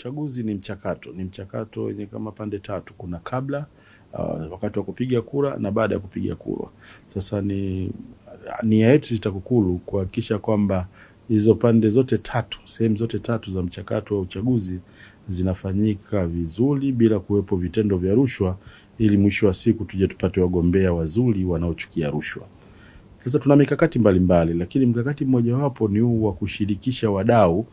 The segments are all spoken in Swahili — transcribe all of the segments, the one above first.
uchaguzi ni mchakato, ni mchakato wenye kama pande tatu. Kuna kabla uh, wakati wa kupiga kura na baada ya kupiga kura. Sasa ni nia yetu TAKUKURU kuhakikisha kwamba hizo pande zote tatu, sehemu zote tatu za mchakato wa uchaguzi zinafanyika vizuri bila kuwepo vitendo vya rushwa, ili mwisho wa siku tuje tupate wagombea wazuri wanaochukia rushwa. Sasa tuna mikakati mbalimbali mbali, lakini mkakati mmojawapo ni huu wa kushirikisha wadau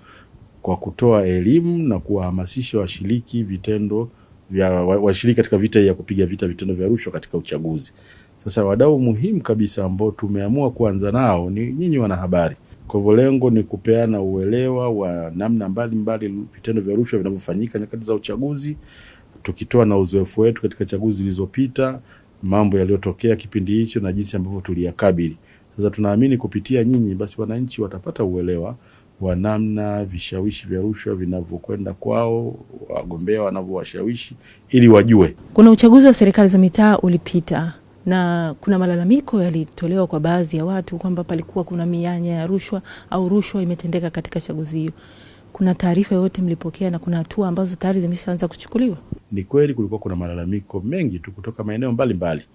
kwa kutoa elimu na kuwahamasisha washiriki vitendo vya washiriki katika vita ya kupiga vita vitendo vya rushwa katika uchaguzi. Sasa wadau muhimu kabisa ambao tumeamua kuanza nao ni nyinyi wanahabari. Kwa hivyo lengo ni kupeana uelewa wa namna mbalimbali mbali vitendo vya rushwa vinavyofanyika nyakati za uchaguzi, tukitoa na uzoefu wetu katika chaguzi zilizopita, mambo yaliyotokea kipindi hicho na jinsi ambavyo tuliyakabili. Sasa tunaamini kupitia nyinyi, basi wananchi watapata uelewa wa namna vishawishi vya rushwa vinavyokwenda kwao, wagombea wanavyowashawishi ili wajue. Kuna uchaguzi wa serikali za mitaa ulipita na kuna malalamiko yalitolewa kwa baadhi ya watu kwamba palikuwa kuna mianya ya rushwa au rushwa imetendeka katika chaguzi hiyo. Kuna taarifa yoyote mlipokea na kuna hatua ambazo tayari zimeshaanza kuchukuliwa? Ni kweli kulikuwa kuna malalamiko mengi tu kutoka maeneo mbalimbali mbali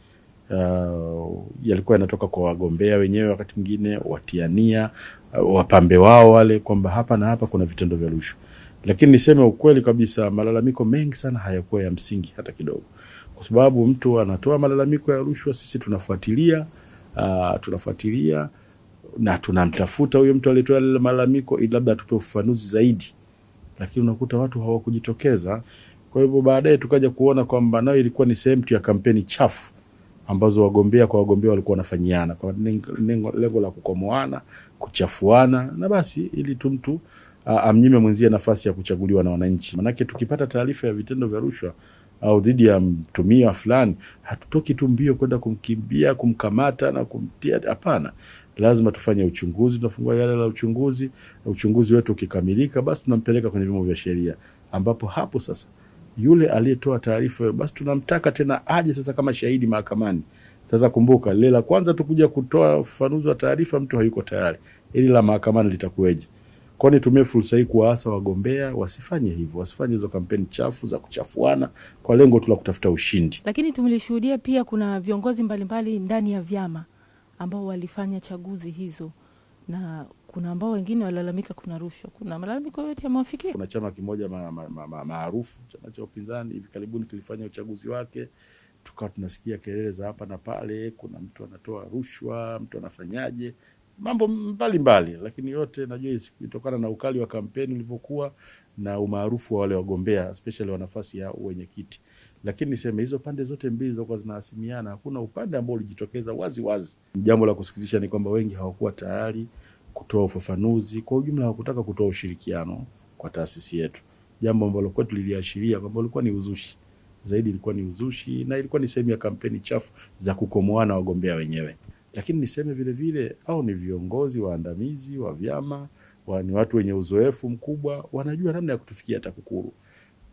uh, yalikuwa yanatoka kwa wagombea wenyewe, wakati mwingine watiania, uh, wapambe wao wale, kwamba hapa na hapa kuna vitendo vya rushwa. Lakini niseme ukweli kabisa, malalamiko mengi sana hayakuwa ya msingi hata kidogo, kwa sababu mtu anatoa malalamiko ya rushwa, sisi tunafuatilia uh, tunafuatilia na tunamtafuta huyo mtu aliyetoa lile malalamiko ili labda atupe ufafanuzi zaidi, lakini unakuta watu hawakujitokeza. Kwa hivyo baadaye tukaja kuona kwamba nayo ilikuwa ni sehemu tu ya kampeni chafu ambazo wagombea kwa wagombea walikuwa wanafanyiana kwa lengo la kukomoana, kuchafuana, na basi ili tu mtu amnyime mwenzie nafasi ya kuchaguliwa na wananchi. Manake tukipata taarifa ya vitendo vya rushwa au dhidi ya mtumia fulani, hatutoki tu mbio kwenda kumkimbia, kumkamata na kumtia. Hapana, lazima tufanye uchunguzi. Tunafungua yale la uchunguzi. Uchunguzi wetu ukikamilika, basi tunampeleka kwenye vyombo vya sheria, ambapo hapo sasa yule aliyetoa taarifa, basi tunamtaka tena aje sasa kama shahidi mahakamani. Sasa kumbuka, lile la kwanza tukuja kutoa ufafanuzi wa taarifa, mtu hayuko tayari, ili la mahakamani litakuweje? Kwa nitumie fursa hii kuwaasa wagombea wasifanye hivyo, wasifanye hizo kampeni chafu za kuchafuana kwa lengo tu la kutafuta ushindi. Lakini tumelishuhudia pia kuna viongozi mbalimbali mbali ndani ya vyama ambao walifanya chaguzi hizo na kuna ambao wengine walalamika kuna rushwa. Kuna malalamiko yote yamewafikia? Kuna chama kimoja maarufu ma, ma, ma, chama cha upinzani hivi karibuni kilifanya uchaguzi wake, tukawa tunasikia kelele za hapa na pale, kuna mtu anatoa rushwa, mtu anafanyaje mambo mbalimbali, lakini yote najua itokana na ukali wa kampeni ulivyokuwa na umaarufu wa wale wagombea especially wa nafasi ya wenyekiti Lakini niseme hizo pande zote mbili zilizokuwa zinahasimiana, hakuna upande ambao ulijitokeza wazi wazi. Jambo la kusikitisha ni kwamba wengi hawakuwa tayari kutoa ufafanuzi kwa ujumla, hakutaka kutoa ushirikiano kwa taasisi yetu, jambo ambalo kwetu liliashiria kwamba ulikuwa ni uzushi zaidi, ilikuwa ni uzushi na ilikuwa ni sehemu ya kampeni chafu za kukomoana wagombea wenyewe. Lakini niseme vile vile, au ni viongozi waandamizi wa vyama wa, ni watu wenye uzoefu mkubwa, wanajua namna ya kutufikia TAKUKURU.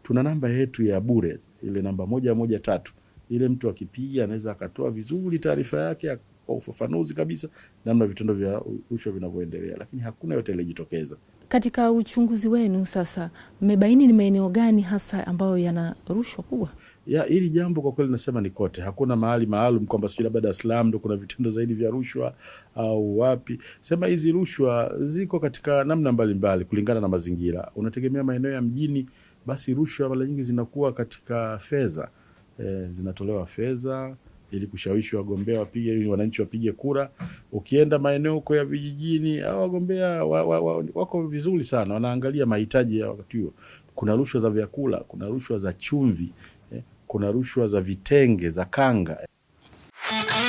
Tuna namba yetu ya bure ile namba moja moja tatu ile mtu akipiga anaweza akatoa vizuri taarifa yake kwa ufafanuzi kabisa namna vitendo vya rushwa vinavyoendelea, lakini hakuna yote yalijitokeza. Katika uchunguzi wenu sasa, mmebaini ni maeneo gani hasa ambayo yana rushwa kubwa? ya hili jambo kwa kweli nasema ni kote, hakuna mahali maalum kwamba sijui labda Dar es Salaam ndo kuna vitendo zaidi vya rushwa au wapi. Sema hizi rushwa ziko katika namna mbalimbali mbali, kulingana na mazingira. Unategemea maeneo ya mjini, basi rushwa mara nyingi zinakuwa katika fedha e, zinatolewa fedha ili kushawishi wagombea wapige, ili wananchi wapige kura. Ukienda maeneo huko ya vijijini, au wagombea wa, wa, wa, wako vizuri sana, wanaangalia mahitaji ya wakati huo. Kuna rushwa za vyakula, kuna rushwa za chumvi eh, kuna rushwa za vitenge za kanga eh.